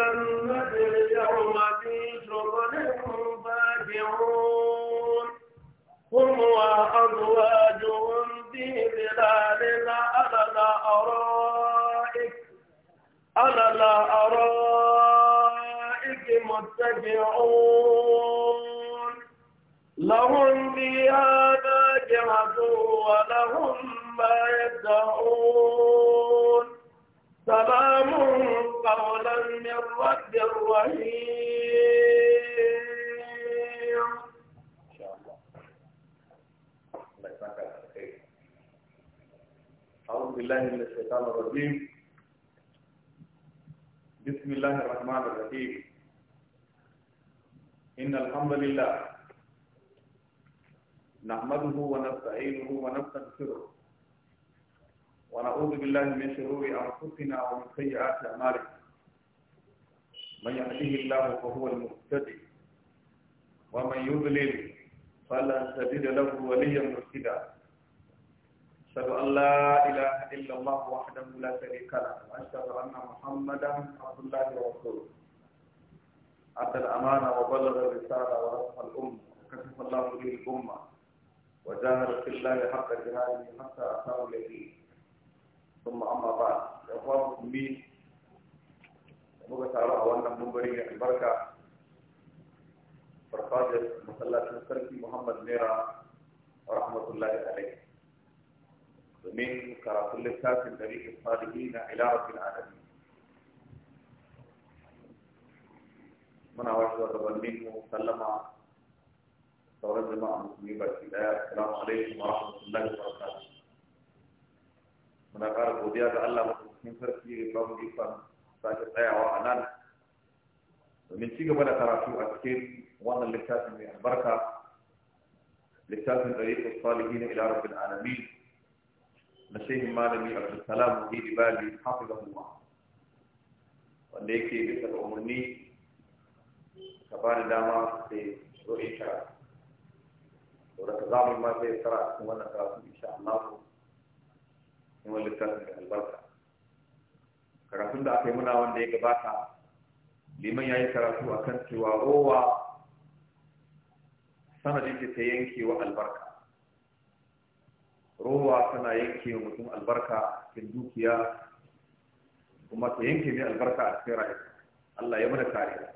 الجنة اليوم في شغل فاجعون هم وأزواجهم في ظلال على الأرائك على الأرائك متكئون لهم فيها فاكهة ولهم ما يدعون سلام قولا من رب رحيم إن شاء الله الله يسعدك أعوذ بالله من الشيطان الرجيم بسم الله الرحمن الرحيم إن الحمد لله نحمده ونستعينه ونستغفره ونعوذ بالله من شرور أنفسنا ومن سيئات أعمالنا من يهديه الله فهو المهتدي ومن يضلل فلن تجد له وليا مرشدا أشهد أن لا إله إلا الله وحده لا شريك له وأشهد أن محمدا عبد الله ورسوله أدى الأمانة وبلغ الرسالة ونصح الأمة وكشف الله به الأمة وجاهد في الله حق جهاده حتى أتاه اليقين ثم أما بعد إخوان المسلمين muka taru a wannan mumbari mai albarka farfajiyar masallacin sarki muhammad naira rahmatullahi alaihi domin karatun littafin dari isfadihi na ilarafin adami muna wasu gabanin mu sallama sauran jama'a musulmi baki daya assalamu alaikum muna ƙara godiya ga Allah mutum sarki da ba mu ikon sake tsayawa a nan domin ci gaba da karatu a cikin wannan littafin mai albarka littafin ɗariƙar salihin ila rabbil alamin na shehin malami abdulsalam muhidi bali kuma. wanda yake bisa ga umarni ka ba ni dama sai zo in shara. Saboda ka zamu ma sai tsara a cikin wannan karatu insha Allah kuma littafin da albarka karatun da aka yi muna wanda ya gabata liman ya yi karatu a kan cewa rowa sanadin da ta yanke wa albarka rowa tana yanke wa mutum albarka cikin dukiya kuma ta yanke mai albarka a cikin rayuwa Allah ya mana kariya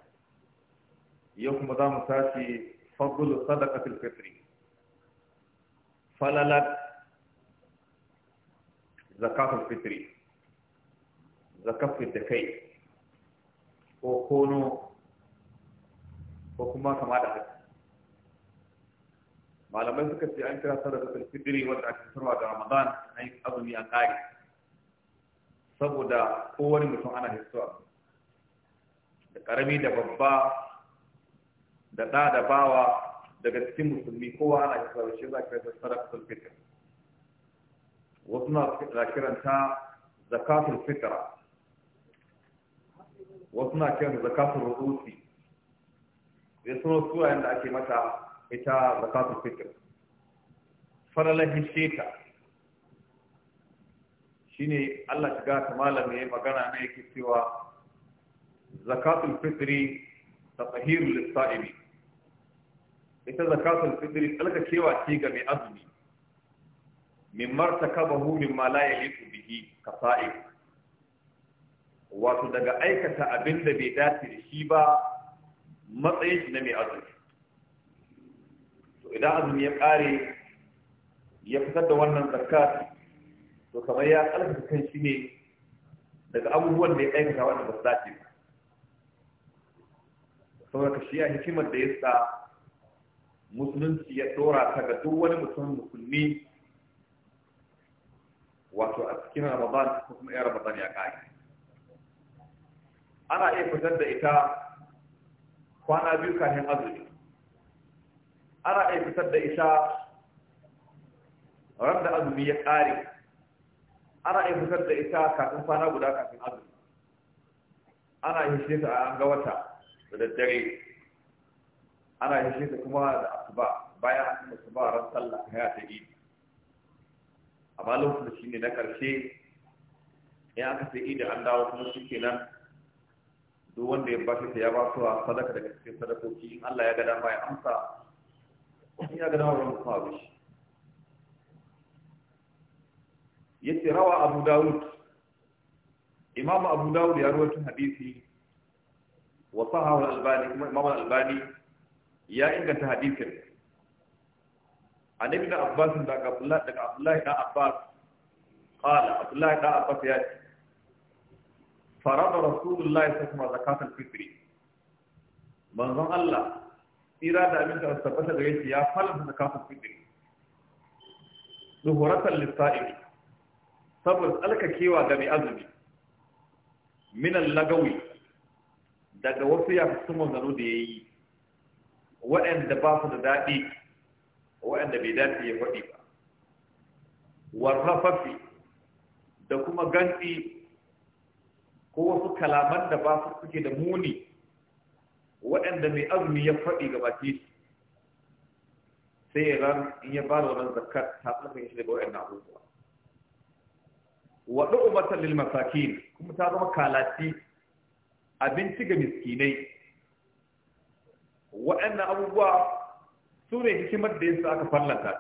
yau kuma za mu tashi fagulu sadaqatul fitri falalat zakatul fitri zakatul da kai ko kono ko kuma kama da haka malamai suka ce an kira sadaqatul fitri wanda ake sarwa da ramadan an yi azumi an kare saboda kowane mutum ana hisuwa da karami da babba da ɗa da bawa daga cikin musulmi kowa ana hisuwa shi za ka yi sadaqatul fitri wasu na kiranta zakatul fitra wasu na kiranta zakatul rubusi da suna suwayen da ake mata ita zakatul fitra falalar hisheta shine Allah shiga ta malam ya magana ne yake cewa zakatul fitri tatahirul lisa'imi ita zakatul fitri tsalkakewa ce ga mai azumi min martakabahu ma la yaliqu bihi kasa'i wato daga aikata abin da bai dace da shi ba matsayin shi na mai azumi to idan azumi ya kare ya fitar da wannan zakat to kamar ya kalfa kan shi ne daga abubuwan da ya aikata wanda ba su dace ba saboda shi ya hikimar da yasa sa musulunci ya dora ta ga duk wani mutum musulmi wato a cikin ramadan ko kuma yan ramadan ya kare ana iya fitar da ita kwana biyu kafin azumi ana iya fitar da ita ran da azumi ya kare ana iya fitar da ita kafin kwana guda kafin azumi ana iya shi ta an ga wata da daddare ana iya shi ta kuma da asuba bayan asuba ran sallah ya ta idi amma lokacin shi ne na karshe in aka sai idan an dawo kuma shi kenan duk wanda ya bashi ta ya ba su sadaka daga cikin sadakoki in Allah ya ga dama ya amsa in ya ga dama ba mu kawo shi yace rawa Abu Dawud Imam Abu Dawud ya rawaito hadisi wa sahahu al-Albani kuma Imam al-Albani ya inganta hadisin annabi da abbas daga abdullahi da abdullahi da abbas ya ce farada rasulullahi sallallahu alaihi wasallam zakatul fitri manzon allah tira da min da tabbata da yace ya farada zakatul fitri duhuratan lisa'ib sabr alkakewa ga mai azumi min al-lagawi daga wasu ya fi su manzano da ya yi waɗanda ba su da daɗi wanda bai dace ya faɗi ba warrafafi da kuma gantsi ko wasu kalaman da ba su suke da muni waɗanda mai azumi ya faɗi ga baki sai ya ran in ya ba da wannan zakat ta tsaka shi daga waɗannan abubuwa wa du'matan lil masakin kuma ta zama kalati abinci ga miskinai waɗannan abubuwa su hikimar da yasa aka fallanta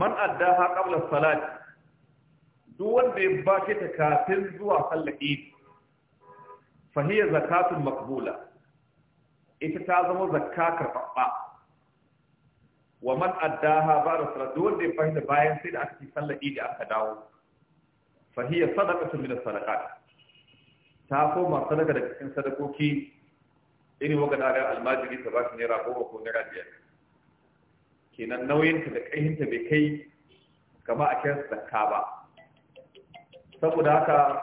man ha qabla salati duk wanda ya bace ta kafin zuwa sallar Eid fa hiya zakatun maqbula ita ta zama zakka karfafa wa man ha ba'da salat duk wanda ya fahimta bayan sai da aka yi sallar Eid aka dawo fa hiya sadaqatun min as-sadaqat ta koma sadaka daga cikin sadakoki irin magana da almajiri ta ba shi naira goma ko naira biyar kenan nauyinta da ƙahinta bai kai kama a kyan zakka ba saboda haka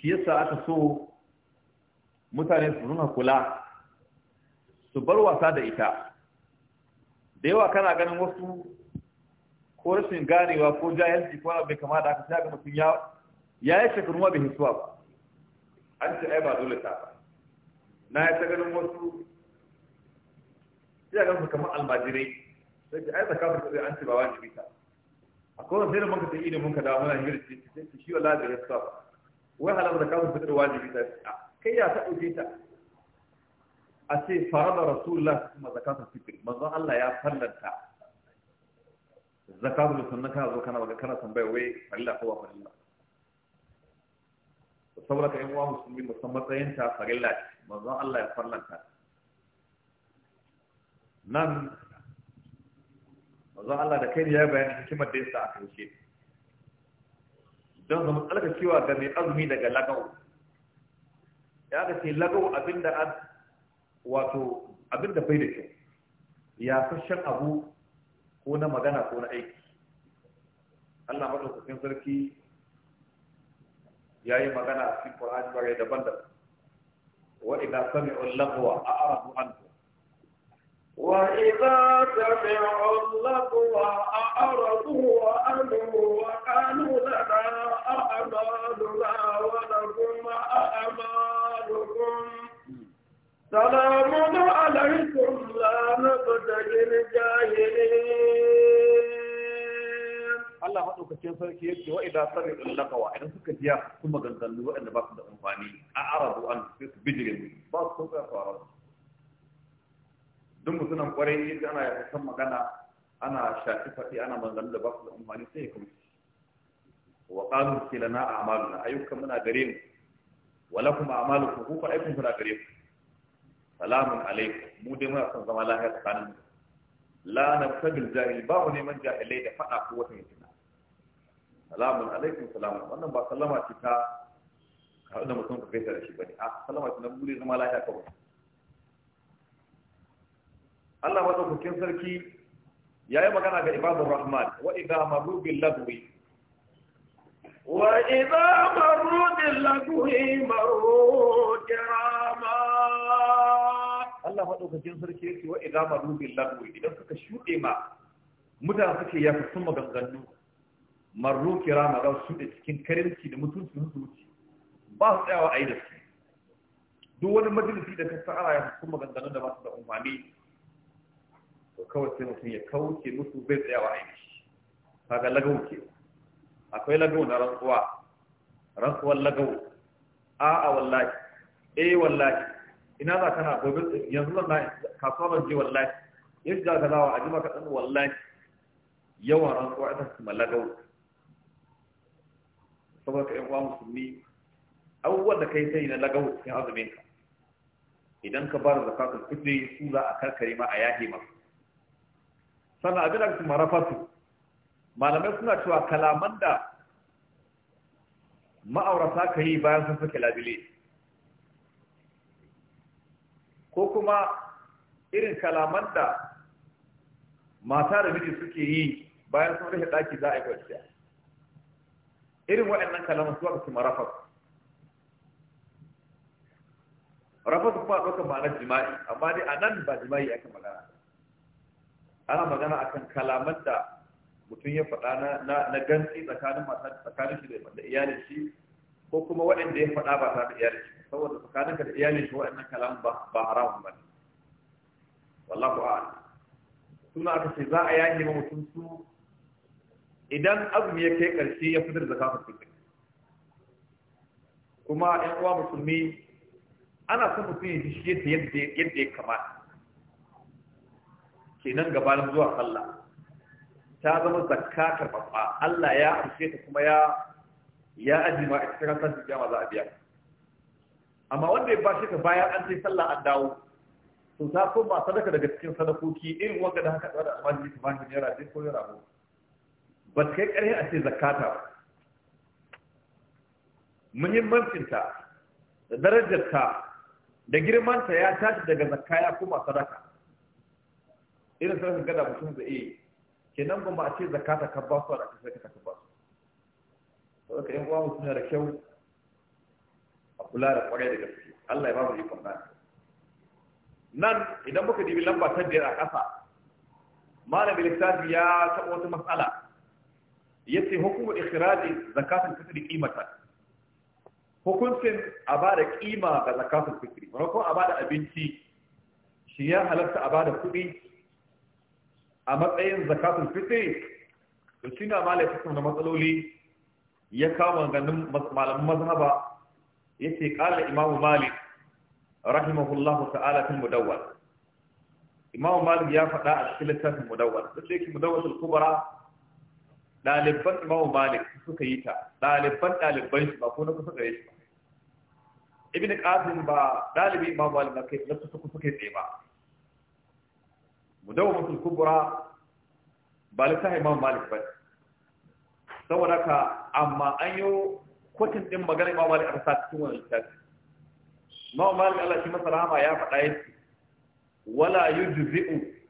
shi yasa aka so mutane su nuna kula su bar wasa da ita da yawa kana ganin wasu ko rashin ganewa ko jahilci ko bai kama da aka sai ga mutum ya ya yi shekaru ma bai hisuwa ba an ce ai ba dole ta ba na ya ta ganin wasu ya gansu kamar almajirai sai ai zakka ta sai an ce ba wajibi ta akwai wanda sai da muka sai idan muka dawo muna hira ce sai ta shi wallahi da gaskiya wai halar zakka ta da wajibi ta kai ya ta dauke ta a ce farada rasulullah kuma zakatul fitr manzon Allah ya fallanta zakatul sunna kana zo kana kana tambaya wai farilla ko ba farilla saboda ka yan uwa musulmi musamman matsayin ta farilla ce manzon Allah ya farlanta nan manzon Allah da kai ya bayani hikimar da yasa aka yi don zama tsalka cewa ga mai azumi daga lagau ya ga ce lagau abinda an wato abinda bai da kyau ya fashen abu ko na magana ko na aiki Allah maɗaukakin sarki ya yi magana a cikin Qur'ani bare daban-daban wa idza sami'u lahwa a'radu anhu wa idza sami'u lahwa a'radu anhu wa na qalu lana a'maluna wa lakum a'malukum سلام عليكم لا نبتغي الجاهلين Allah maɗaukacin sarki yake wa idan sarri ɗin lakawa idan suka jiya kuma maganganu waɗanda ba su da amfani a arabu an sai su bijire ba su kun tsaya sauran duk mutumin kwarai yadda ana yafi san magana ana shafi faɗi ana maganganu da ba su da amfani sai ya kuma wa a kilana na ayyukan muna gare mu Wala kuma a'malukum ku kuka ayyukan muna gare mu salamun alaikum mu dai muna son zama lafiya tsakanin mu la nafsabil jahil ba mu neman jahilai da faɗa ko wata mutum salamun alaikum salamun wannan ba sallama ce ta haɗu da mutum ka gaisa da shi bane a sallama ce na buri zama lafiya kawai Allah madaukakin sarki ya yi magana ga ibadur rahman wa idha maru bil lagwi wa idha maru bil lagwi maru kirama Allah madaukakin sarki yake wa idza marru bil lagwi idan suka shuɗe ma mutane suke yafi sun maganganu marru kirama za su shuɗe cikin karinci da mutunci su wuce ba su tsayawa a yi da su duk wani majalisi da ka tsara ya kuma maganganu da masu da umfani to kawai sai mutum ya kauce musu bai tsayawa a yi da shi kaga lagau ke akwai lagau na rantsuwa rantsuwar lagau a'a wallahi eh wallahi ina za kana gobe yanzu zan na kasuwa ban je wallahi yadda ka zawa a jima ka ɗan wallahi yawan rantsuwa ita su malagau saboda ka uwa musulmi abubuwan da kai sai na lagawo cikin azumin ka idan ka bar kasu fitri su za a karkare ma a yahi ma sannan abin da su marafatu malamai suna cewa kalaman da ma'aurata ka yi bayan sun sake labile ko kuma irin kalaman da mata da miji suke yi bayan sun rufe daki za a yi kwanciya irin waɗannan kalaman su aka ce marafat rafat ba ɗaukar ma'anar jima'i amma dai a nan ba jima'i ake magana ana magana akan kalaman da mutum ya faɗa na gantsi tsakanin tsakanin shi da iyalin shi ko kuma waɗanda ya faɗa ba tare da iyalin shi saboda tsakanin ka da iyalin shi waɗannan kalaman ba haramun ba ne wallahu a'ala suna aka ce za a yage ma mutum su idan azumi ya kai ƙarshe, ya fitar da kafin fitar kuma ƴan uwa musulmi ana son mutum ya shi yadda yadda ya kamata kenan gabanin zuwa sallah ta zama zakka karɓaɓɓa Allah ya amshe ta kuma ya ya ajima a cikin rantar jiya ma za a biya amma wanda ya ba shi ka bayan an sai sallah an dawo to ta kuma sadaka daga cikin sadakoki irin wanda da haka tsara almajiri ta bani ne ɗin ko yara goma ba ta kai ƙarfi a ce zakata ba muhimmancinta da darajarta da girmanta ya tashi daga zakaya ya kuma sadaka irin sadaka gada mutum da iya ke nan ba ma a ce zakata ka ba su a ɗaka sarki ka ba su saboda yan uwa suna da kyau a kula da kwarai da gaske Allah ya ba mu ikon nan nan idan muka dibi lamba ta biyar a ƙasa malamin lissafi ya taɓa wata matsala yace hukumar ikhraj zakatul fitri kimata hukuncin a bada kima ga zakatul fitr kuma a bada abinci shi ya halarta a bada kuɗi a matsayin zakatul fitri to shi na malai da matsaloli ya kawo ganin malamin mazhaba yace qala imam malik rahimahullahu ta'ala fil mudawwal imamu malik ya faɗa a cikin littafin mudawwal da yake mudawwal kubra ɗaliban imamu malik suka yi ta ɗaliban ɗaliban shi ba ko na kusa gare shi ba ibn qasim ba ɗalibi imamu malik na kai na kusa kusa kai tsaye ba mudawwamatul kubra ba littafin imamu malik ba saboda ka amma an yi kwatin ɗin magana imamu malik a rasa cikin wani littafi imamu malik Allah shi masa rahama ya faɗa yake wala yujzi'u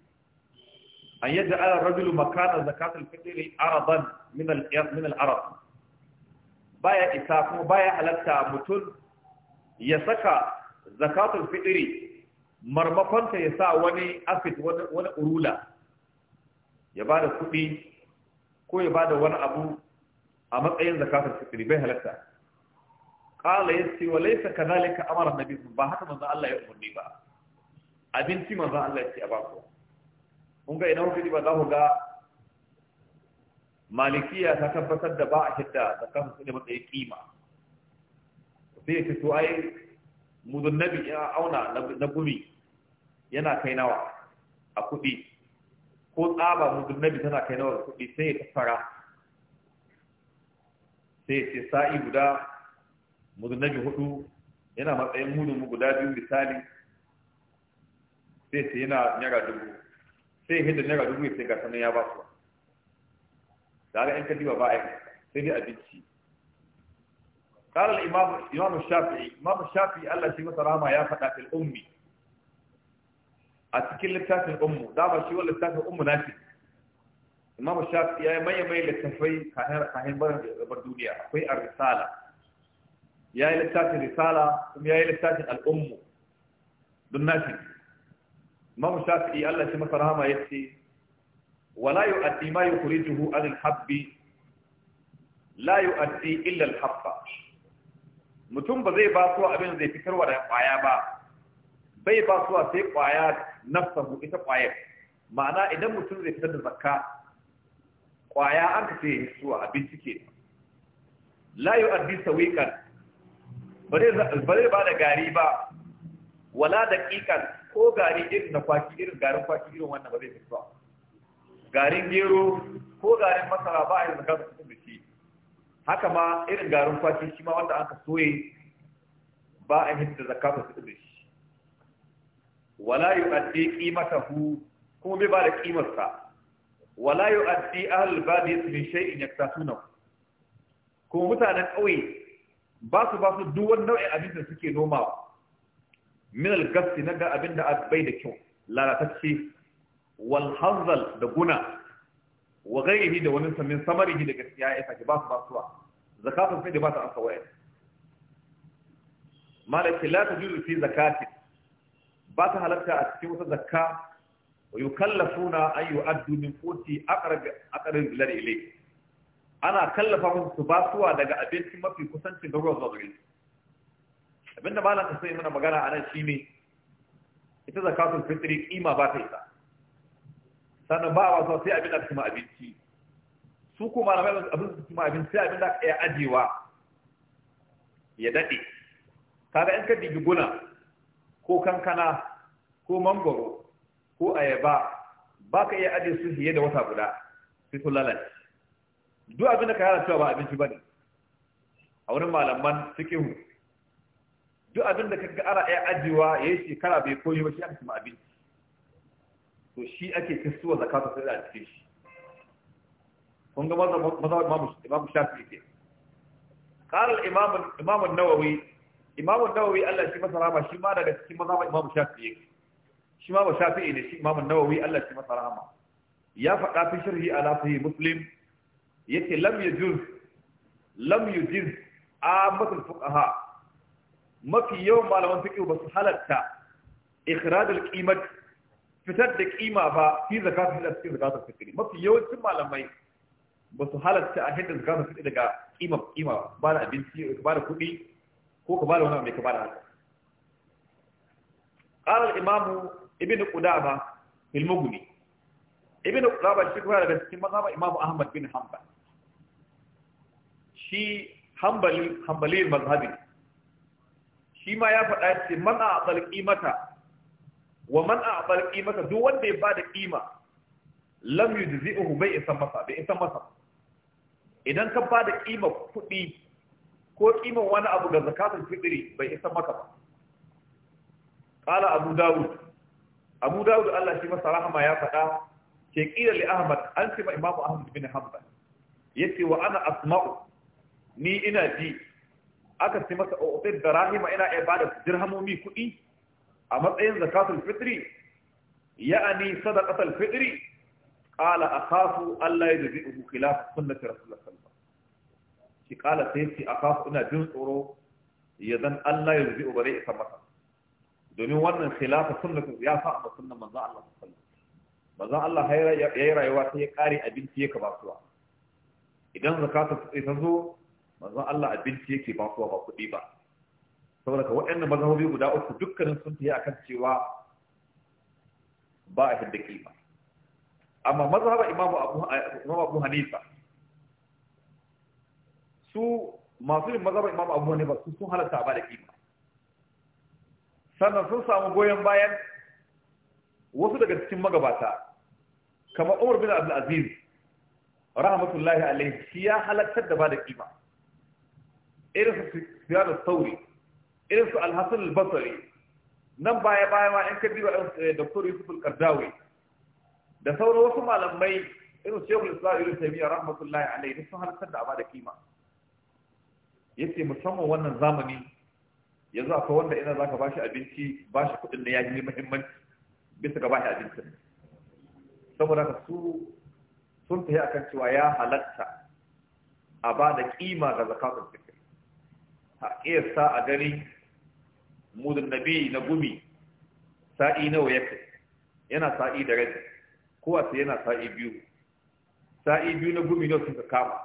an yadda ala rajulu makana zakatul fitri aradan min al min al arab baya isa kuma baya halatta mutum ya saka zakatul fitri marmakonta ya sa wani afit wani urula ya bada kuɗi ko ya bada wani abu a matsayin zakatul fitri bai halatta qala yasi wa laysa kadhalika amara nabi ba haka manzo Allah ya umurni ba abinci manzo Allah ya ce a bako. kun ga idan kudi ba za ku ga malikiya ta tabbatar da ba a shidda da kan su ne matsayi kima sai ya fito ai mudun nabi ya auna na gumi yana kai nawa a kuɗi ko tsaba mudun nabi tana kai nawa a kuɗi sai ya tafara sai ya ce sa'i guda mudun nabi hudu yana matsayin mudun guda biyu misali sai ya ce yana nyara dubu sai hidda na gaduru sai ga sanin ya ba da ga yan kadiba ba a yi sai dai abinci kala imamu shafi imamu shafi allah shi masa rama ya faɗa fil a cikin littafin ummu da ba shi wani littafin ummu na imamu shafi ya yi maye maye littafai kahin barin duniya akwai a risala ya yi littafin risala kuma ya yi littafin al'ummu don na imamu shafi'i Allah shi masa rahama yace wala yu'addi ma yukhrijuhu an al-habbi la yu'addi illa al-habba mutum ba zai ba su abin zai fitar wa da kwaya ba bai ba su sai kwaya nafsahu ita kwaya ma'ana idan mutum zai fitar da zakka kwaya an ka sai su abin cike la yu'addi sawiqan bare bare ba da gari ba wala daqiqan ko gari irin na kwaki irin garin kwaki irin wannan ba zai fi ba garin gero ko garin masara ba a yi zaka su da shi haka ma irin garin kwaki shi ma wanda aka soye ba a yi da zaka su da shi wala yu'addi qimatahu kuma bai ba da kimar sa wala yu'addi ahlul badi min shay'in yaktasunahu kuma mutanen ƙauye ba su ba su duk wani nau'in abin da suke nomawa Minal al na ga abin da bai da kyau lalatacce wal hanzal da guna wa ghairihi da wani samin samarihi da gaskiya ya sake ba su ba suwa zakatun sai da ba ta amsa waya malaki la tajuzu fi zakati ba ta halatta a cikin wata zakka wa yukallafuna an yu'addu min quti aqrab aqrab bilad ilayhi ana kallafa musu su ba daga abincin mafi kusancin garuwa zuwa gare su abinda malam ka sai mana magana a nan shine ita zakatul fitri kima ba ta isa sannan ba wa so sai abin da kuma abinci su kuma na mai abin da kuma abinci sai abin da ka iya ajewa ya dade kaga in ka digi guna ko kankana ko mangoro ko ayaba ba ka iya ajiye su fiye da wata guda sai su lalace duk abinda da ka yara cewa ba abinci ba ne a wurin malaman fikihu duk abin da kaga ara ya ajiwa ya yi shekara bai koyi ba shi aka kuma abinci to shi ake kasuwa zakatu sai da cikin shi kun ga maza maza imamu shafi ke qala al-imam imam an-nawawi imam an nawawi imam nawawi Allah shi masa rahama shi ma daga cikin maza imam shafi ke shi ma ba shafi ne shi imam an-nawawi Allah shi masa rahama ya faɗa fi sharhi ala sahih muslim yake lam yajuz lam a matul fuqaha mafi yawan malaman fiqh ba su halatta ikhrajul qimat fitar da kima ba fi zakatul fitr cikin zakatul fitr mafi yawancin malamai ba su halatta a hidda zakatul fitr daga kima kima ba da abinci ba da kuɗi ko ka ba da wani abu mai ka ba da haka قال الإمام ابن قدامة في المغني ابن قدامة الشيخ هذا بس كما قام إمام أحمد بن حنبل شي حنبلي حنبلي المذهبي shi ma ya faɗa ce man a aqal ƙimata wa man a aqal ƙimata duk wanda ya bada ƙima lam yujzi'uhu bai isan masa bai isan masa idan ka bada ƙima kuɗi ko qiman wani abu ga zakatun fitiri bai isan maka ba ƙala abu dawud abu dawud Allah shi masa rahama ya faɗa ce ƙila li ahmad an ce ma imamu ahmad bin hanbal yace wa ana asma'u ni ina ji aka ce masa ofis oh, da rahima ina iya bada dirhamomi kuɗi a matsayin zakatul fitri ya'ani sadaqatul fitri qala akhafu Allah ya jazi'uhu khilaf sunnati rasulullah sallallahu alaihi wasallam shi qala sai shi akhafu ina jin tsoro ya Allah ya jazi'u bare isa masa domin wannan khilaf sunnati ya fa amma sunnan manzo Allah sallallahu alaihi wasallam manzo Allah hayra ya rayuwa sai ya kare abinci ya kabasuwa idan zakatul fitri ta zo manzon Allah abinci yake ba kuwa ba kuɗi ba saboda ka waɗannan mazhabobi guda uku dukkanin sun tafi akan cewa ba a hidda kima amma mazhabar imamu abu imamu abu hanifa su masu yin mazhabar imamu abu hanifa su sun halatta ba da kima sannan sun samu goyon bayan wasu daga cikin magabata kamar Umar bin Abdul Aziz rahmatullahi alaihi shi ya halattar da ba da kima irin su siyar da sauri irin su alhassan albasari nan baya baya ma in ka eh, doktor yusuf al da sauran wasu malamai irin su shekul islam irin taimiyya rahmatullahi da sun halartar da aba da kima yace musamman wannan zamani yanzu akwai wanda ina zaka shi abinci ba shi kuɗin da ya yi muhimmanci bisa ga shi abincin saboda ka su sun tafi akan cewa ya halatta a ba da kima ga zakatun a ƙiyasta a gani mudun nabi na gumi sa'i nawa ya kai yana sa'i da rai ko a sai yana sa'i biyu sa'i biyu na gumi nawa sun ka kama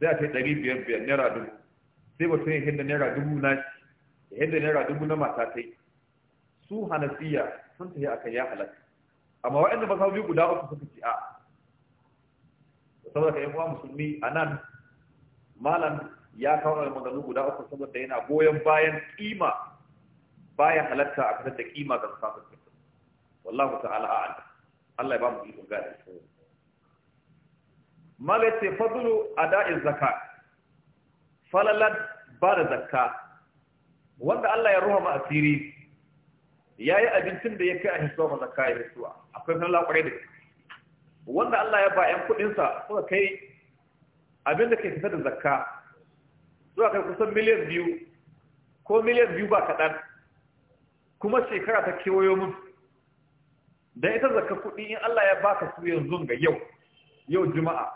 sai a kai ɗari biyar biyar naira dubu sai mutum ya hinda naira dubu na shi da hinda naira dubu na matakai su hanasiya sun tafi akan ya halatta amma waɗanda ba biyu guda uku suka ci a saboda ka yi musulmi a nan malam ya kawo maganganu guda uku saboda yana goyon bayan kima baya halatta a kasar da kima ga musafir wallahu ta'ala a'ala Allah ya ba mu ikon gadi malaita fadlu ada'iz zakat falalan ba da zakka wanda Allah ya ruha asiri ya yi abincin da ya kai a hisuwa ma zakka ya hisuwa akwai falala kwarai da wanda Allah ya ba 'yan kuɗinsa suka kai abin da ke fitar da zakka zuwa kai kusan miliyan biyu ko miliyan biyu ba kaɗan kuma shekara ta kewayo mun don ita zaka kuɗi in Allah ya baka su yanzu ga yau yau juma'a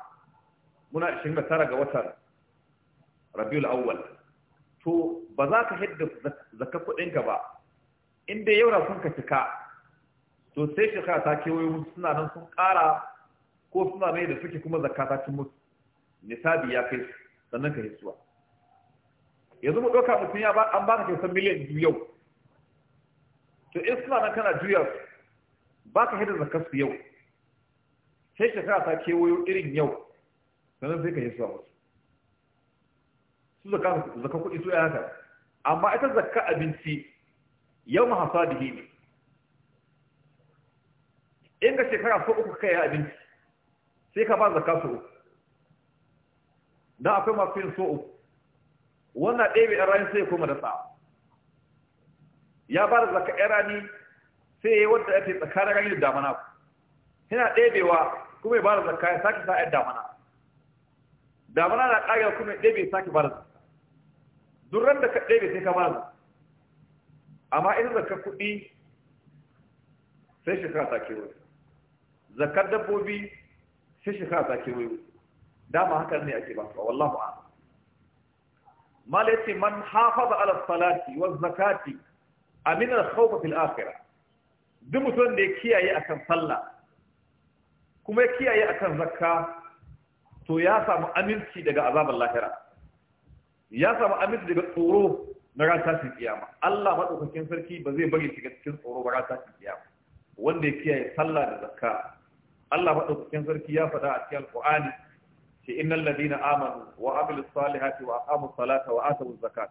muna tara ga watan rabiul awwal to ba za ka hidda zaka kuɗinka ba inda yau na kun ka cika to sai shekara ta kewayo musu suna nan sun ƙara ko suna mai da suke kuma zakata cin musu nisabi ya kai sannan ka hisuwa yanzu mu ɗauka mutum ya an baka kyautar miliyan biyu yau to in suna nan kana juya ba ka hidda zakar su yau sai ka kasa kewayo irin yau sannan sai ka yi suwa wasu su zaka kuɗi su ya haka amma ita zakar abinci yau ma hasa da hini in ga shekara so uku kai ya abinci sai ka ba zakar su uku don akwai masu yin so uku wannan ɗebe ɗan rani sai ya koma da sa ya ba da zaka ɗan rani sai ya yi wanda ya ce tsakanin rani da damana ku. yana ɗebewa kuma ya ba da zaka ya sake sa ɗan damana damana na ƙarewa kuma ɗebe ya sake ba da zaka duk ran da ka ɗebe sai ka ba da zaka amma idan zaka kuɗi sai shekara ta wuri, zakar dabbobi sai shekara ta wuri. dama hakan ne ake ba wallahu a'lam malaiti man hafaza ala salati wa zakati amina al fil akhirah duk mutum da ya kiyaye akan sallah kuma ya kiyaye akan zakka to ya samu aminci daga azabar lahira ya samu aminci daga tsoro na ran tashin kiyama Allah madaukakin sarki ba zai bari shiga cikin tsoro ba ran tashin kiyama wanda ya kiyaye sallah da zakka Allah madaukakin sarki ya faɗa a cikin alqur'ani إن الذين آمنوا وعملوا الصالحات وأقاموا الصلاة وآتوا الزكاة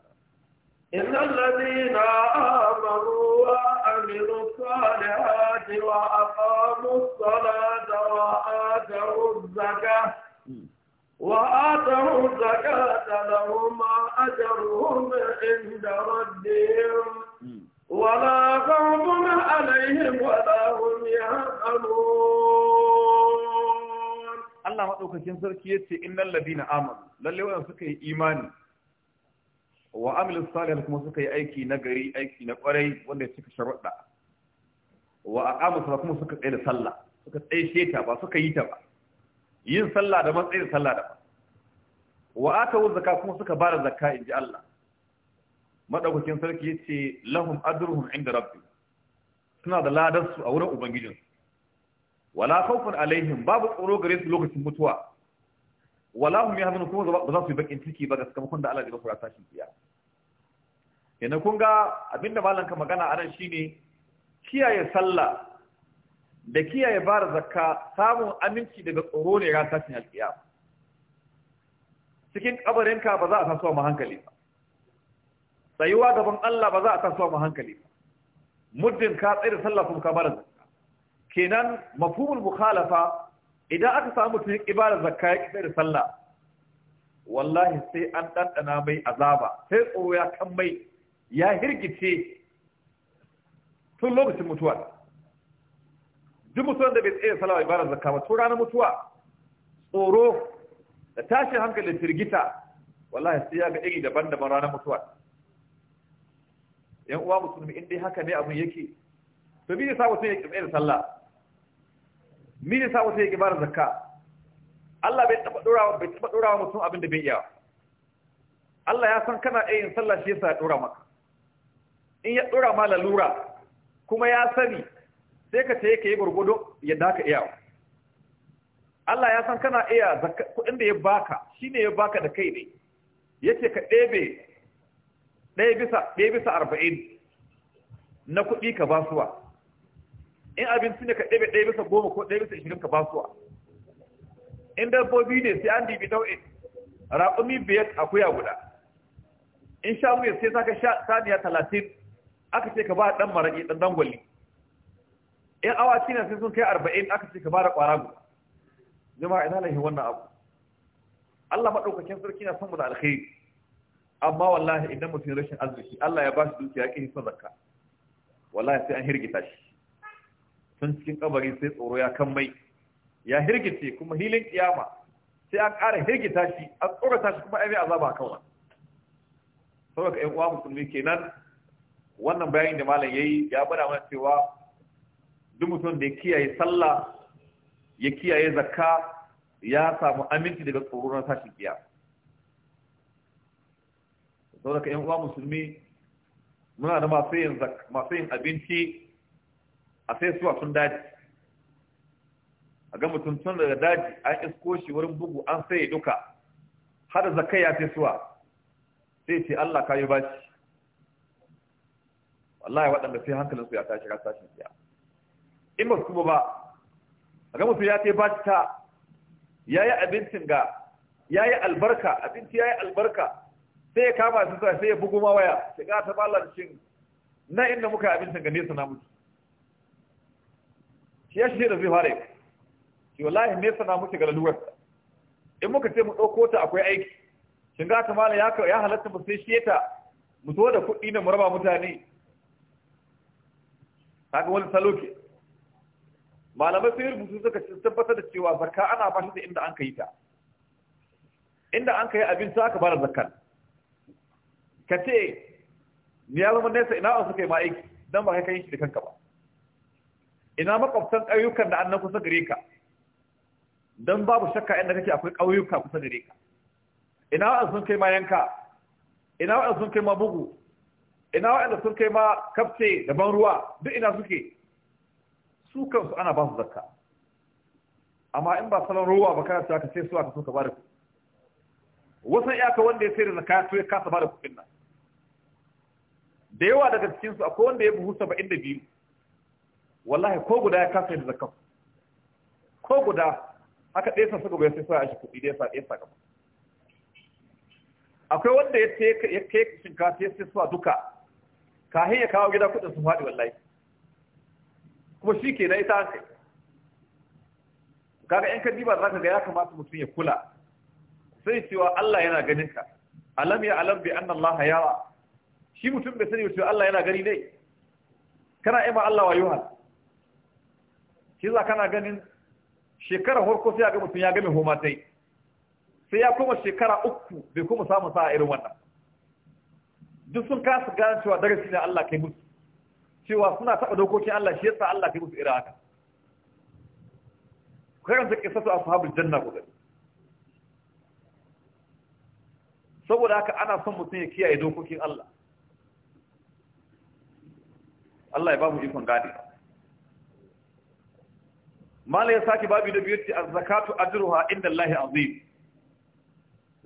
إن الذين آمنوا وعملوا الصالحات وأقاموا الصلاة وآتوا الزكاة وآتوا الزكاة لهم أجرهم عند ربهم ولا Allah maɗaukakin sarki ya ce innal ladina amanu lalle wannan suka yi imani wa amilu salihan kuma suka yi aiki na gari aiki na kwarai wanda ya cika sharuɗa wa aqamu salat kuma suka tsaya da sallah suka tsaye ta ba suka yi ta ba yin sallah da matsayin sallah da ba wa atawu zakka kuma suka bada zakka inji Allah madaukakin sarki yace lahum adruhum inda rabbi suna da ladarsu a wurin ubangijinsu wala khawfun alaihim babu tsoro gare su lokacin mutuwa wala hum yahzanun kuma ba za su yi bakin ciki ba ga sakamakon da Allah ya ba tashin kiya yana kun ga abinda ka magana a nan shine kiyaye sallah da kiyaye bar zakka samun aminci daga tsoro ne ran tashin alkiyama cikin ka ba za a tasowa mu hankali ba tsayuwa gaban Allah ba za a tasowa mu hankali ba muddin ka tsaya da sallah kuma ka bar zakka kenan mafhumul mukhalafa idan aka samu mutum ibada zakka ya kisa da sallah wallahi sai an dandana mai azaba sai tsoro ya kan mai ya hirgice tun lokacin mutuwa duk mutuwan da bai tsaye salawa ibada zakka ba tun ranar mutuwa tsoro da tashin hankalin firgita wallahi sai ya ga iri daban-daban ranar mutuwa yan uwa musulmi in dai haka ne abin yake to bi ya sa mutum ya ƙi da sallah mini sa wata yake bara zakka Allah bai taba wa bai taba wa mutum abin da bai iya Allah ya san kana yin sallah shi yasa ya dora maka in ya dora ma lalura kuma ya sani sai ka ce yake yi gurgudu yadda ka iya Allah ya san kana iya zakka kuɗin da ya baka shine ya baka da kai ne yace ka ɗebe ɗaya bisa ɗaya bisa arba'in na kuɗi ka basuwa in abinci ne ka ɗebe ɗaya bisa goma ko ɗaya bisa ishirin ka basuwa in dabbobi ne sai an dibi nau'in raƙumi biyar akuya guda in sha muya sai saka sha saniya talatin aka ce ka ba ɗan maraƙi ɗan dangwali in awa cina sai sun kai arba'in aka ce ka ba da ƙwara guda jama'a ina lahi wannan abu Allah maɗaukakin sarki na son mu da alkhairi amma wallahi idan mutum rashin arziki Allah ya ba shi dukiya ya ƙi son zakka wallahi sai an hirgita shi tun cikin kabari sai tsoro ya kan mai ya hirgice kuma hilin kiyama sai an ƙara hirgita shi an tsorata shi kuma ai mai azaba kawai ka ƴan uwa musulmi kenan wannan bayanin da malam yayi ya bada mana cewa duk mutum da ya kiyaye sallah ya kiyaye zakka ya samu aminci daga tsoro na kiya sau da ƴan uwa musulmi muna da masu yin abinci a sai suwa sun daji a ga mutum tun daga daji an isko shi wurin bugu an sai duka har zakai ya sai suwa sai ce Allah ka yi bashi wallahi waɗanda sai su ya tashi ka tashin siya in ba su kuma ba a ga mutum ya ce bashi ta ya yi abincin ga ya yi albarka abinci ya yi albarka sai ya kama su sai ya bugu ma waya ga ta balar shin na inda muka abincin ga nesa na mutu shi ya shi da zai fara yi shi wallahi nesa na muke ga laluwarsa in muka ce mu ɗauko ta akwai aiki shin ga kamala ya halatta mu sai shi ta mu zo da kuɗi na mu raba mutane kaga wani salo ke malamai sai rubutu suka tabbatar da cewa zakka ana ba shi da inda an kai ta inda an kai abin sa aka bada zakkan ka ce ni ya zama nesa ina an suka yi ma aiki dan ba kai kai shi da kanka ba ina makwabtan ƙauyukan da annan kusa gare ka don babu shakka inda kake akwai ƙauyuka kusa gare ka ina waɗanda sun kai ma yanka ina waɗanda sun kai ma bugu ina waɗanda sun kai ma kafce da ban ruwa duk ina suke su kansu ana ba su zakka amma in ba salon ruwa ba kana cewa ka sai su aka so ka ba da kuɗi wasan iyaka wanda ya sai da zakka to ya kasa ba da kuɗin nan da yawa daga cikinsu akwai wanda ya buhu saba'in da biyu wallahi ko guda ya kasa da zakka ko guda aka ɗaya sa suka bai sai sai a shi kuɗi da yasa ɗaya saka akwai wanda ya kai shinkafa ya sai suwa duka kahin ya kawo gida kuɗin su faɗi wallahi kuma shi ke na ita an kai kaga yan kadiba za ka ga ya kamata mutum ya kula sai cewa Allah yana ganin ka alam ya alam bi anna Allah yawa shi mutum bai sani cewa Allah yana gani ne kana ima Allah wa yuhal shi za kana ganin shekara harko sai ya ga mutum ya game homatai sai ya koma shekara uku bai kuma samun sa'a irin wannan duk sun kasa gane cewa darasi ne Allah kai musu cewa suna taɓa dokokin Allah shi yasa Allah kai musu irin haka karanta kisatu ashabul janna ku gani saboda haka ana son mutum ya kiyaye dokokin Allah Allah ya ba mu ikon gane mala ya sake babu da biyu a zakatu ajruha inda Allah azim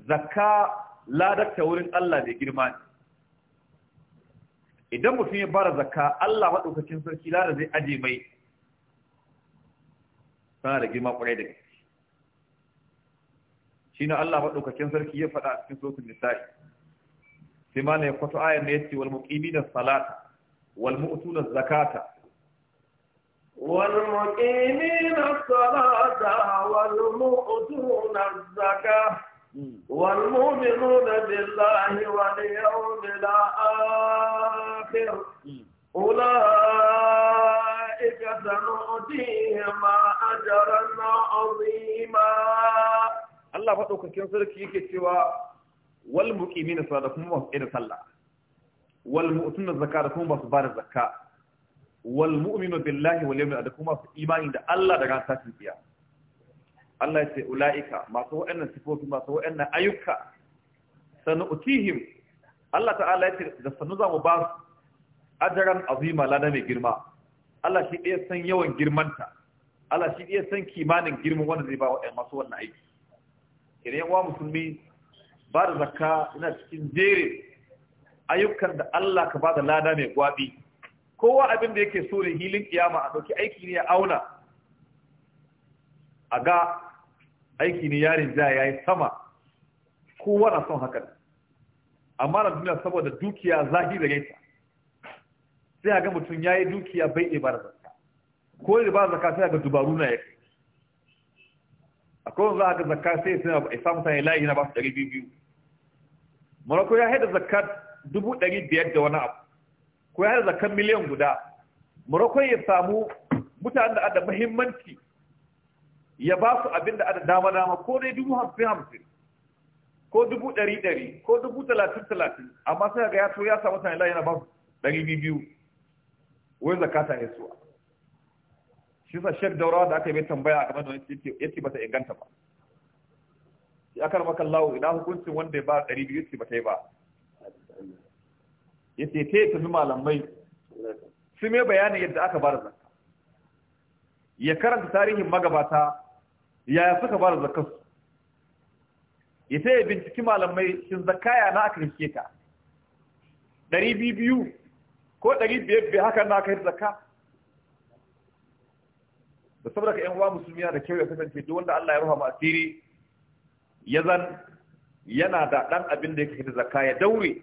Zaka ladarta wurin Allah mai girma ne idan mutum ya bara zaka, Allah maɗaukacin sarki lada zai aje mai tana da girma ƙwarai da gaske shi na Allah maɗaukacin sarki ya faɗa a cikin sosin nisa'i sai ma na ya kwato ayar na ya ce wal muqimina salata wal mu'tuna zakata والمقيمين الصلاة والمؤتون الزكاة والمؤمنون بالله واليوم الآخر أولئك سنؤتيهم أجرا عظيما Allah faɗaukakin sarki yake cewa wal muqimin sallah kuma ba su da sallah wal mu'tun zakka kuma wal mu'minu billahi wal yawmil akhir kuma imani da Allah da ran sati biya Allah ya ce ulaika masu wa'annan sifofi masu wa'annan ayyuka sanu'tihim Allah ta'ala ya ce da sanu za mu ba su ajaran azima lada mai girma Allah shi ɗaya san yawan girmanta Allah shi ɗaya san kimanin girman wanda zai ba wa masu wannan aiki idan yan musulmi ba da zakka ina cikin jere ayyukan da Allah ka ba da lada mai gwabi kowa abin da yake so ne hilin kiyama a ɗauki aiki ne ya auna a ga aiki ne yarin za ya yi sama kowa na son hakan amma na duniya saboda dukiya zahi da gaita sai ga mutum ya yi dukiya bai ɗe ba da zaka ko yi ba zaka sai ga dubaru na ya kai akwai za a ga zaka sai sai ba isa mutane layi na ba su ɗari biyu biyu ya haida zaka dubu ɗari biyar da wani abu ko ya zakan miliyan guda murakon ya samu mutanen da ada muhimmanci ya ba su abin da ada dama dama ko dai dubu hamsin hamsin ko dubu ɗari ɗari ko dubu talatin talatin amma sai ga ya so ya samu sanila yana ba su ɗari biyu biyu wai zakata ya suwa shi sa shek daurawa da aka yi mai tambaya a game da wani ya ce bata inganta ba ya karmakan lawo ina hukuncin wanda ya ba ɗari biyu ce bata yi ba ya ce ta yi tafi malamai su mai bayanin yadda aka da zakka ya karanta tarihin magabata yaya suka bada zakkansu ya ta yi binciki malamai shin ya na aka rike ka ɗari biyu ko ɗari biyar biyar haka na aka yi zakka da saboda ka 'yan uwa musulmi da kyau ya kasance duk wanda Allah ya ruha asiri ya zan yana da ɗan abin da ya kashe da zakka ya daure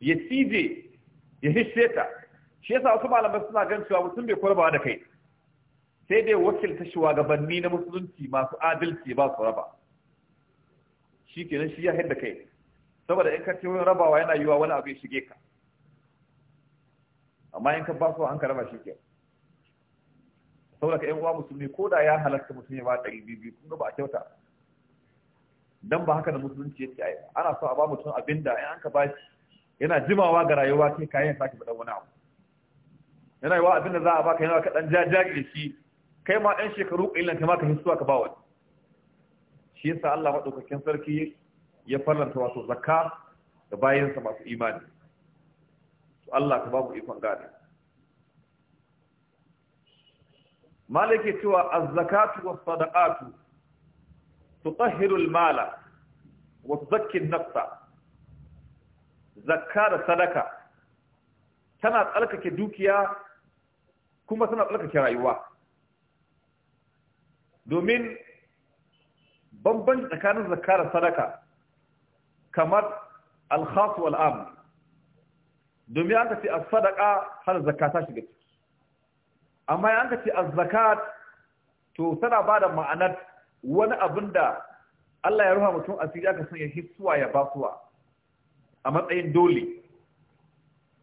ya cije ya hishe ta shi yasa wasu malamai suna gan cewa mutum bai kwarbawa da kai sai dai wakilta shugabanni na musulunci masu adalci ba su raba shi ke shi ya da kai saboda in ka ce wani rabawa yana yiwa wani abu ya shige ka amma in ka ba su an ka raba shi ke saboda ka yan uwa musulmi ko da ya halatta mutum ya ba ɗari biyu biyu kun ba a kyauta dan ba haka da musulunci yake ai ana so a ba mutum abinda in an ka ba shi yana jimawa ga rayuwa sai kayan sake faɗa wani abu yana yiwa abinda za a baka yana ka dan jajagire shi kai ma ɗan shekaru ƙalilan kai ma ka hisuwa ka ba wani shi yasa Allah maɗaukakin sarki ya farlanta wato zakka da bayansa masu imani to Allah ka ba mu ikon gane ya cewa wa zakatu was-sadaqatu tutahhiru al-mala wa tuzakki an-nafsa zakka da sadaka tana tsarkake dukiya kuma tana tsarkake rayuwa domin bambanci tsakanin zakka da sadaka kamar alhasu al’am domin an ka ce a sadaka har zakka ta shiga ciki amma an ka ce a zakat to tana ba da ma'anar wani abin da Allah ya ruha mutum asiri aka sanya hissuwa ya ba basuwa a matsayin dole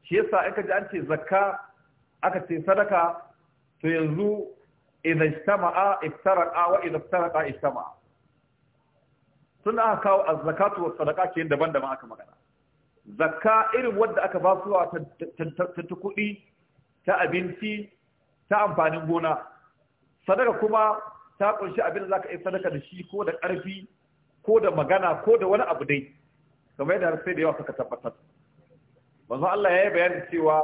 shi yasa aka ji an ce zakka aka ce sadaka to yanzu idan ijtama'a iftaraqa wa idan iftaraqa ijtama'a Suna aka kawo az-zakatu wa sadaka ke daban-daban aka magana zakka irin wanda aka ba su ta kuɗi ta abinci ta amfanin gona sadaka kuma ta kunshi abin da zaka yi sadaka da shi ko da ƙarfi ko da magana ko da wani abu dai kamar yadda sai da yawa suka tabbatar manzo Allah ya yi bayanin cewa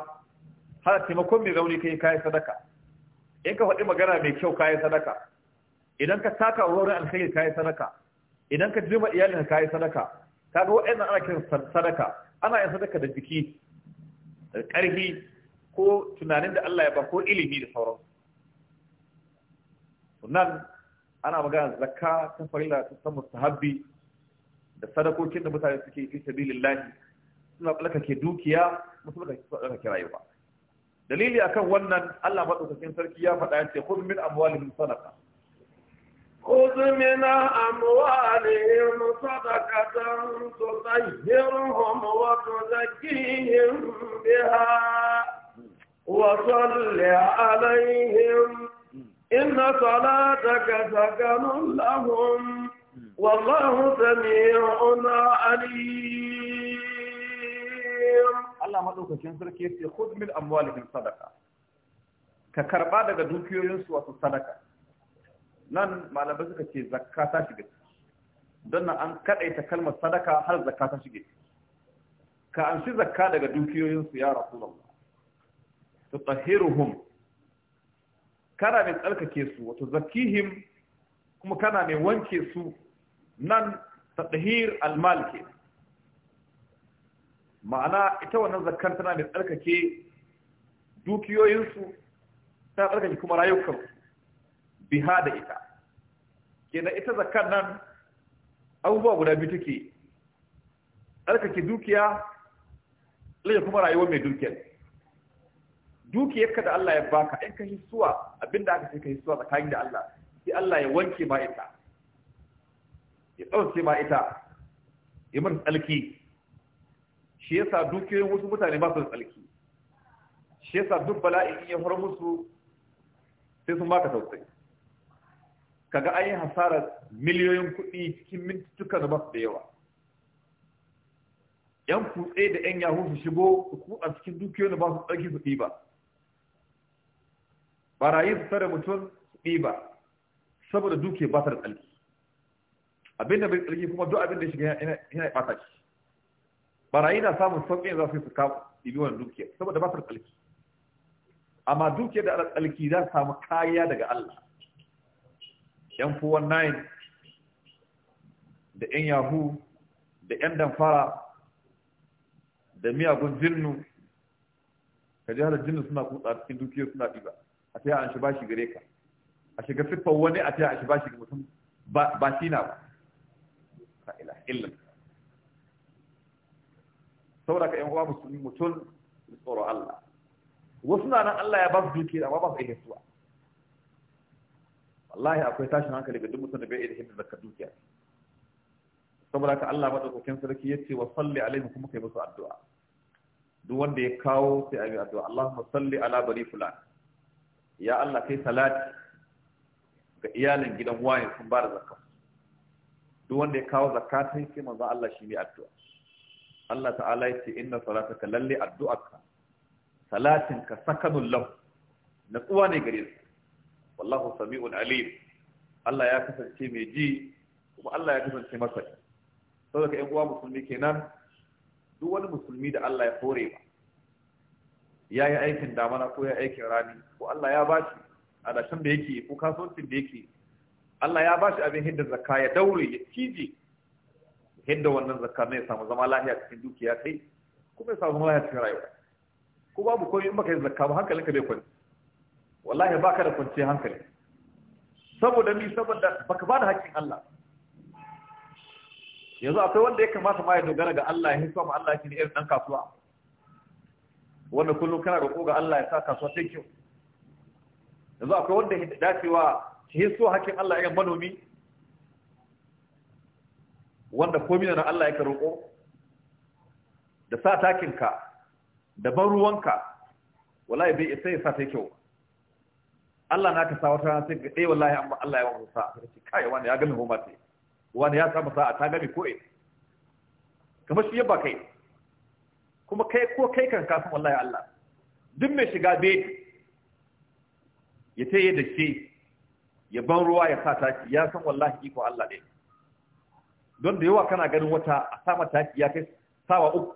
har taimakon mai rauni kai kayi sadaka in ka faɗi magana mai kyau kayi sadaka idan ka taka wurin alkhairi kayi sadaka idan ka jima iyalin kayi sadaka kaga waɗannan ana kiran sadaka ana yin sadaka da jiki da ƙarfi ko tunanin da Allah ya ba ko ilimi da sauran. nan ana magana zakka ta farila ta samu sahabbi da sadakokin da mutane suke fi sabi lillahi suna ke dukiya masu tsallakake rayuwa dalili akan wannan allah matsakashin sarki ya faɗa yace kudu min amwalin sadaka kudu min amwalin sadaka don su zahirin homo wato zakihin wasu alayhim inna salataka sakanun lahum والله سميع عليم الله مدوكاkin sarki yace khudh min amwalihim sadaqa ka karba daga dukiyoyin su wasu sadaka nan malamai suka ce zakka ta shige don nan an kadaita kalmar sadaka har zakka ta shige ka an shi zakka daga dukiyoyin su ya rasulullah tutahhiruhum kana mai tsarkake su wato zakihim kuma kana mai wanke su nan tadhir almal ke ma'ana ita wannan zakkan tana mai tsarkake dukiyoyinsu ta tsarkake kuma rayukansu biha da ita kenan ita zakkan nan abubuwa guda biyu take tsarkake dukiya lalle kuma rayuwar mai dukiyar ka da Allah ya baka in ka hisuwa abinda aka sai ka hisuwa tsakanin da Allah sai Allah ya wanke ma ita ya ɗauke ma ita ya mata tsalki shi yasa dukiyoyin wasu mutane ba su da tsalki shi sa duk bala'in ya fara musu sai sun baka tausayi kaga an yi hasarar miliyoyin kuɗi cikin mintuka da basu da yawa yan kutse da yan yahu su shigo su kutsa cikin dukiyoyin da ba su tsarki su ɗiba barayi su tare mutum su ɗiba saboda duke ba su da tsarki abinda bai tsarki kuma duk abinda ya shiga yana ya ɓata shi barayi na samun sauƙin za su yi su kawo ɗibi wani dukiya saboda ba su tsarki amma dukiya da tsarki za su samu kariya daga Allah yan fuwan nayin da yan yahu da yan damfara da miyagun jinnu ka ji halar jinnu suna kutsa cikin dukiyar suna ɗiba a ta yi an shi bashi gare ka a shiga siffar wani a ta yi an shi bashi mutum ba shi na ba illa saboda ka yan uwa musulmi mutum tsoro Allah wasu na nan Allah ya ba su dukiya amma ba su iya suwa wallahi akwai tashin hankali ga duk mutum da bai iya hidda zakar dukiya saboda ka Allah madaukakin sarki ya ce wa salli alaihim kuma kai musu addu'a duk wanda ya kawo sai a yi addu'a Allahumma salli ala bari fulan ya Allah kai salati ga iyalin gidan wayan sun ba da zakar duk wanda ya kawo zakatun ya sai manzo Allah shi ne addu'a Allah ta'ala ya ce inna salataka lalle Salatin ka sakanul lahu natsuwa ne gare su wallahu sami'un alim Allah ya kasance mai ji kuma Allah ya kasance masa saboda ƴan uwa musulmi kenan duk wani musulmi da Allah ya hore ba ya yi aikin damana ko ya aikin rani ko Allah ya bashi a da yake ko kasuwancin da yake Allah ya bashi abin hidda zakka ya daure ya cije hidda wannan zakka mai ya samu zama lahiya cikin dukiya kai kuma ya samu zama lahiya cikin rayuwa ko babu komai in baka yi zakka ba ka bai kwanci wallahi baka da kwanci hankali saboda ni saboda baka ba da haƙƙin Allah yanzu akwai wanda ya kamata ma ya dogara ga Allah ya hisa ma Allah ya ne irin ɗan kasuwa wanda kullum kana roƙo ga Allah ya sa kasuwa take kyau yanzu akwai wanda ya wa ke so hakin Allah ya manomi wanda komi na Allah ya roƙo da sa takinka da ban ruwanka wallahi bai sai ya sa ta kyau Allah na ka sa wata sai ga eh wallahi amma Allah ya wa sa ka kai wani ya gani homa ce wani ya samu a ta gami ko eh kamar shi ba kai kuma kai ko kai kan kasan wallahi Allah duk mai shiga bai ya yi da shi ya ban ruwa ya sa taki ya san wallahi iko Allah ɗaya don da yawa kana ganin wata a sama taki ya kai sawa uku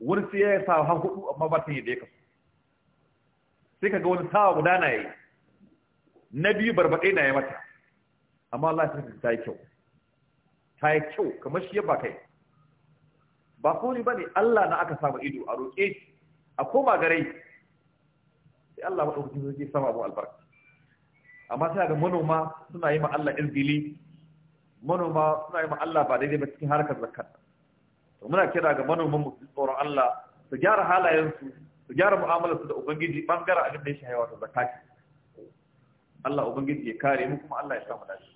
wani sai ya sawa har hudu amma ba ta yi da ya kasu sai ka ga wani sawa guda na yi na biyu barbaɗe na yi mata amma Allah sai ta yi kyau ta yi kyau kamar shi ya ba kai ba ko ni bane Allah na aka samu ido a roƙe a koma gare sai Allah madaukakin sarki sama mu albarka amma sai ga manoma suna yi ma Allah izgili manoma suna yi ma Allah ba daidai ba cikin harkar zakat to muna kira ga manoman mu su tsoron Allah su gyara halayensu su gyara mu'amalarsu da ubangiji bangaren abin da ya shahewa ta zakati Allah ubangiji ya kare mu kuma Allah ya samu mu dace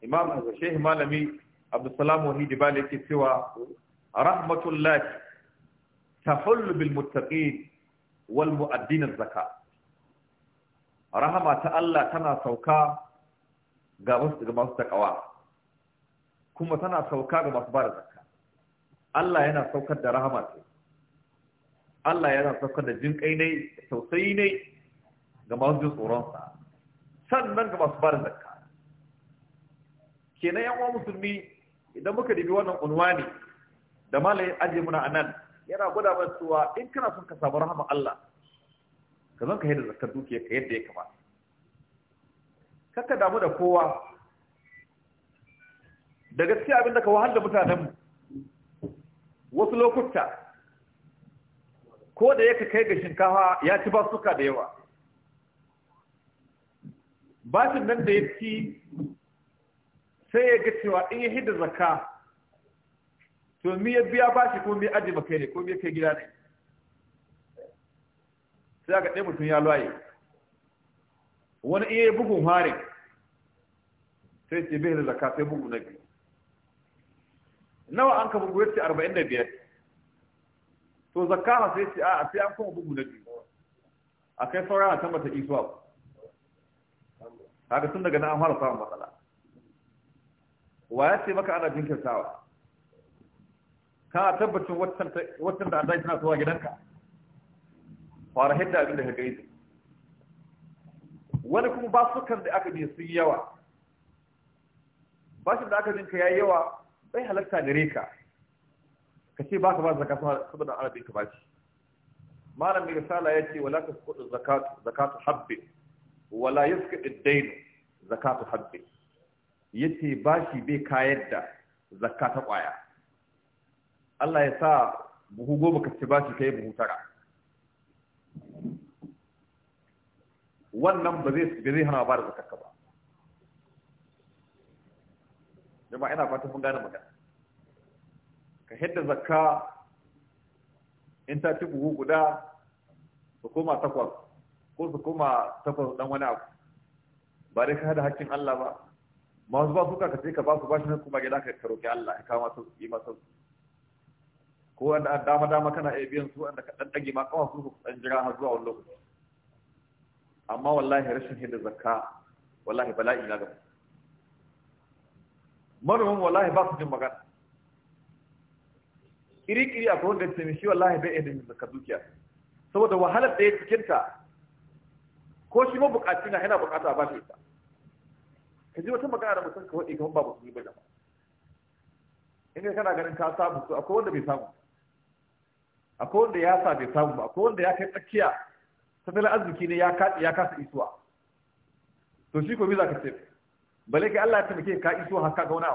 imam shehi malami abdussalam wahidi bala yake cewa rahmatullahi tahullu bil muttaqin wal mu'addin az-zakat rahama ta Allah tana sauka ga masu takawa kuma tana sauka ga masu bada zakka Allah yana saukar da rahama ce Allah yana saukar da jin kai ne tausayi ne ga masu jin tsoronsa sannan ga masu bada zakka kenan yan uwa musulmi idan muka dibi wannan unwani da malai aje muna anan yana gwada mana cewa in kana son ka samu rahama Allah ka zan ka yadda zakar dukiya ka yadda ya kamata kakka damu da kowa da gaskiya abinda ka wahal da mutanenmu wasu lokuta ko da yake kai ga shinkafa ya ci suka da yawa bashin nan da ya ci sai ya ga cewa in ya hidda zakka to mi ya biya bashi ko mi aji kai ne ko mi ya kai gida ne sai aka ɗaya mutum ya luwaye. wani iya bugun harin sai ce bai da zaka sai bugu na biyu nawa an ka bugu ya ce arba'in da biyar to zaka ma sai ce a sai an kuma bugu na biyu a kai sauran na tambata isuwa haka sun daga na an fara samun matsala wa ya ce maka ana jinkirtawa ka tabbacin watan da an zai tana zuwa gidanka fara hidda abin da ka gaida wani kuma ba su kan da aka bin sun yawa Ba shi da aka jinka ya yi yawa bai halatta gare ka ka ce ba ka ba zaka saboda arabin ka ba shi. malam mai risala ya ce wala ka kudu zakatu zakatu habbi wala yaska iddain zakatu habbi yace shi bai kayar da zakata kwaya Allah ya sa buhu goma ka ce ba ka kai buhu tara wannan ba zai hana ba da zakarka ba jama'a ina fatan mun gane magana ka hidda zakka in ta ci buhu guda su koma takwas ko su koma takwas dan wani abu ba dai ka hada hakkin Allah ba masu ba suka ka ce ka ba su ba shi kuma gida ka ka roki Allah ya kama su yi masa ko wanda dama dama kana iya biyan su wanda ka dan dage ma kawai su dan jira har zuwa wani lokaci amma wallahi rashin hidda zakka wallahi bala'i na gaba manoman wallahi ba su jin magana iri-iri a kowanda ta shi wallahi bai yadda yin zakka dukiya saboda wahalar da ya cikinta ko shi ma bukaci na yana bukata ba shi ita ka ji wata magana da mutum ka waɗi kamar ba mutum ba jama'a in kana ganin ka samu su, akwai wanda bai samu akwai wanda ya sa bai samu ba akwai wanda ya kai tsakiya tattalin arziki ne ya kasa isuwa to shi ko biza za ka ce bale ka Allah ya taimake ka isuwa haka ka gauna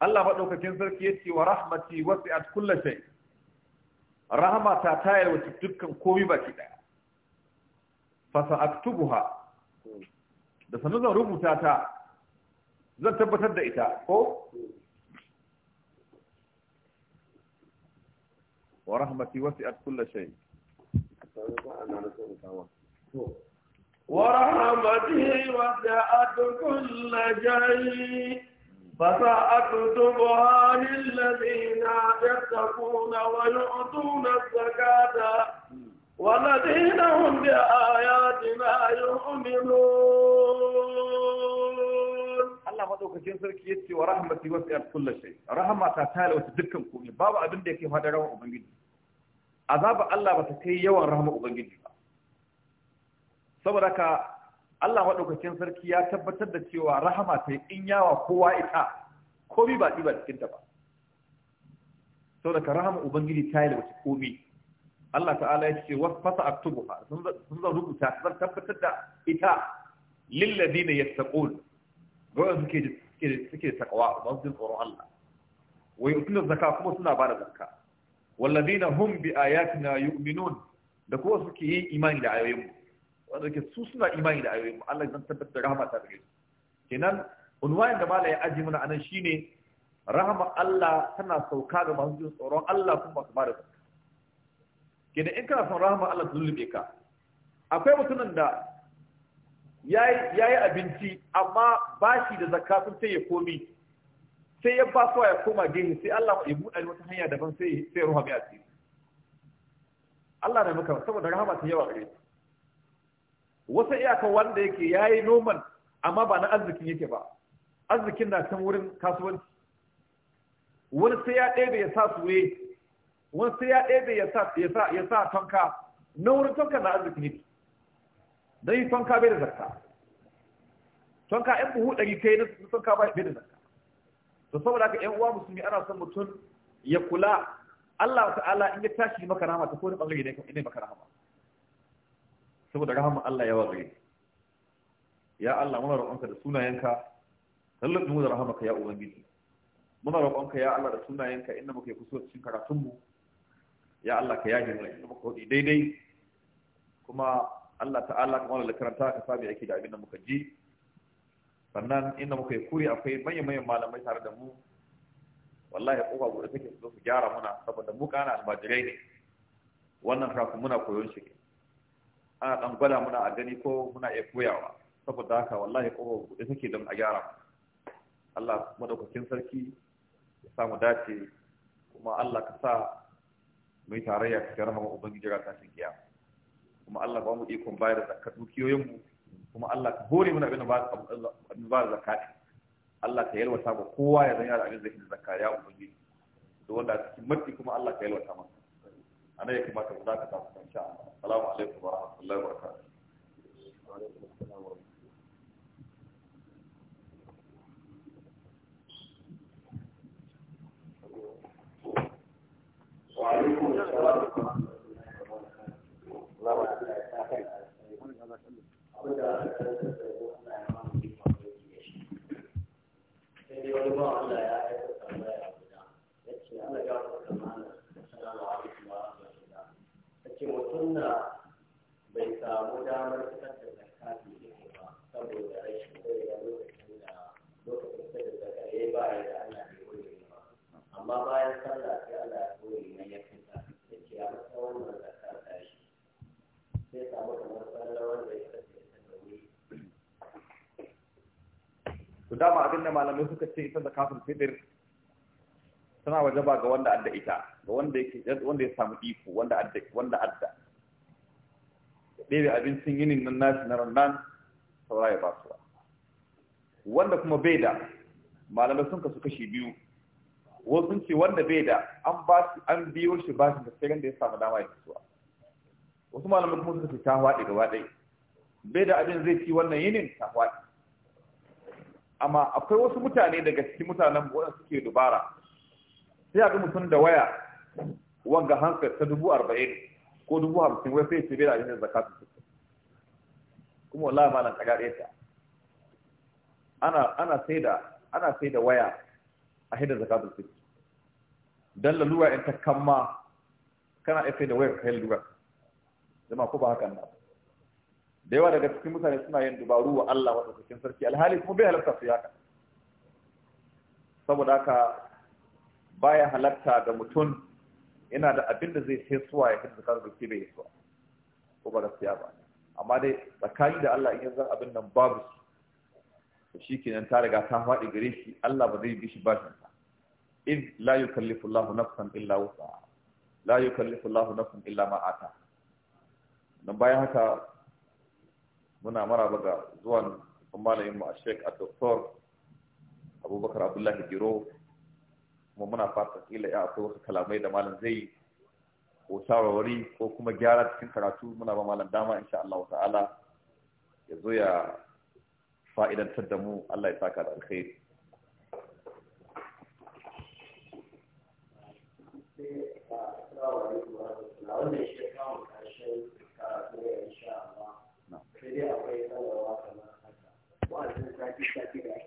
Allah madaukakin sarki ya ce wa rahmati wasi'at kulli shay rahmata ta yalwace dukkan komai baki daya fa sa'aktubuha da sanin zan rubuta ta zan tabbatar da ita ko wa rahmati wasi'at kulli shay ورحمته وسعت كل شيء فساءت تبها للذين يتقون ويؤتون الزكاة والذين هم بآياتنا يؤمنون الله مدوك جين سركي يتي ورحمتي وسعت كل شيء رحمة تتالي وتدكم كوني بابا أبن ديكي هذا روح أبن azaba Allah ba ta kai yawan rahama ubangiji ba saboda ka Allah maɗaukacin sarki ya tabbatar da cewa rahama ta yi in yawa kowa ita komi ba ɗi ba cikinta ba Saboda ka rahama ubangiji ta yi da wace komi Allah ta'ala ya ce wasu fasa aktubuha sun zan rubuta zan tabbatar da ita lillazi ne ya taƙon gawar suke suke takawa ba su jin tsoron Allah wai utulun zaka kuma suna ba da zakka walladina hum bi ayatina yu'minun da kuwa suke yi imani da ayoyin mu wanda ke su suna imani da ayoyin mu Allah zan tabbatar da rahama ta gare su kenan unwayin da malai aji mana anan shine rahama Allah tana sauka ga masu jin tsoron Allah kuma su bada sauka kenan in kana son rahama Allah ta lullube ka akwai mutumin da yayi yayi abinci amma bashi da zakatun sai ya komi sai ya ba ya koma gehe sai Allah ya buɗe wata hanya daban sai sai ruha mai asiri Allah na maka saboda rahama ta yawa gare wasu iyaka wanda yake yayi noman amma ba na arzikin yake ba arzikin na can wurin kasuwanci wani sai ya ɗebe ya sa suwe wani sai ya ɗebe ya sa ya sa ya sa tonka na wurin tonka na arzikin yake dan yi tonka bai da zakka tonka in buhu ɗari kai na tonka bai da zakka to saboda haka ƴan uwa musulmi ana son mutum ya kula Allah ta'ala in ya tashi maka rahama ta kowane bangare ne ne maka rahama saboda rahama Allah ya wazare ya Allah muna roƙonka da sunayenka lallai mu da rahamaka ya ubangiji muna roƙonka ya Allah da sunayenka inda muke kuso cikin karatun mu ya Allah ka yaje mana inda muka daidai kuma Allah ta'ala kuma da karanta ka sami aiki da abin da muka ji sannan inda muka yi kuri akwai manyan malamai tare da mu wallahi kofa gobe take su su gyara muna saboda mu kana albajirai ne wannan kafin muna koyon shi ana dan gwada muna a gani ko muna iya koyawa saboda haka wallahi kofa gobe take don a gyara mu Allah madaukakin sarki ya sa mu dace kuma Allah ka sa mu yi tarayya cikin rahama ubangiji ga tashin kiyama kuma Allah ba mu ikon bayar da zakar dukiyoyin mu kuma Allah ka hore mana abin da ba zakati Allah ka yalwata ga kowa ya zanya da abin da yake zakka ya ubangi da wanda a cikin matsi kuma Allah ka yalwata masa ana ya kamata mu zaka ta san insha Allah assalamu alaikum wa rahmatullahi wa barakatuh Thank you. abin da aka karanta da ya shi sai dai wani ya aika tambaya guda yace Allah ya fara kamana mutum na bai samu damar da zakati ba saboda rashin sai da lokacin lokacin da ya ba ya da amma bayan sai Allah ya sai kamar sallah wanda to dama abin da malamai suka ce ita zakatul fitr tana wajaba ga wanda adda ita ga wanda yake wanda ya samu iko wanda adda wanda adda bebe abincin yinin nan nashi na rannan saura ya basuwa wanda kuma bai da malamai sun kasu kashi biyu wasu sun ce wanda bai da an ba shi an biyo shi ba shi da sai da ya samu dama ya fitowa wasu malamai kuma suka ce ta haɗe gaba ɗaya bai da abin zai ci wannan yinin ta haɗe. amma akwai wasu mutane daga cikin mutanen waɗanda suke dubara sai a ga mutum da waya wanga hankar ta dubu arba'in ko dubu hamsin wai sai ce bai da abin da zakatu sittin kuma wallahi malam ka ɗaya ta ana ana sai da ana sai da waya a hida zakatu sittin dan lalura in ta kana iya sai da wayar kai lura zama ko ba haka nan da yawa daga cikin mutane suna yin dubaru wa Allah wata cikin sarki alhali kuma bai halarta su yaka saboda haka baya halarta da mutum yana da abin da zai sai suwa ya fita zakar da bai suwa ko ba gaskiya ba amma dai tsakani da Allah in yanzu abin nan babu su shi kenan ta riga ta faɗi gare shi Allah ba zai bi shi bashin sa in la yukallifu Allahu nafsan illa wusa la yukallifu Allahu nafsan illa ma ata dan bayan haka muna maraba ga zuwan malamin mu a shek a doktor Abubakar Abdullahi Giro kuma muna fata kila ya akwai wasu kalamai da malam zai ko shawarwari ko kuma gyara cikin karatu muna ba malam dama insha Allah ta'ala ya zo ya fa'idantar da mu Allah ya saka da alkhairi Thank you. sai akwai sanarwa kamar haka wa'azin sati sati da ake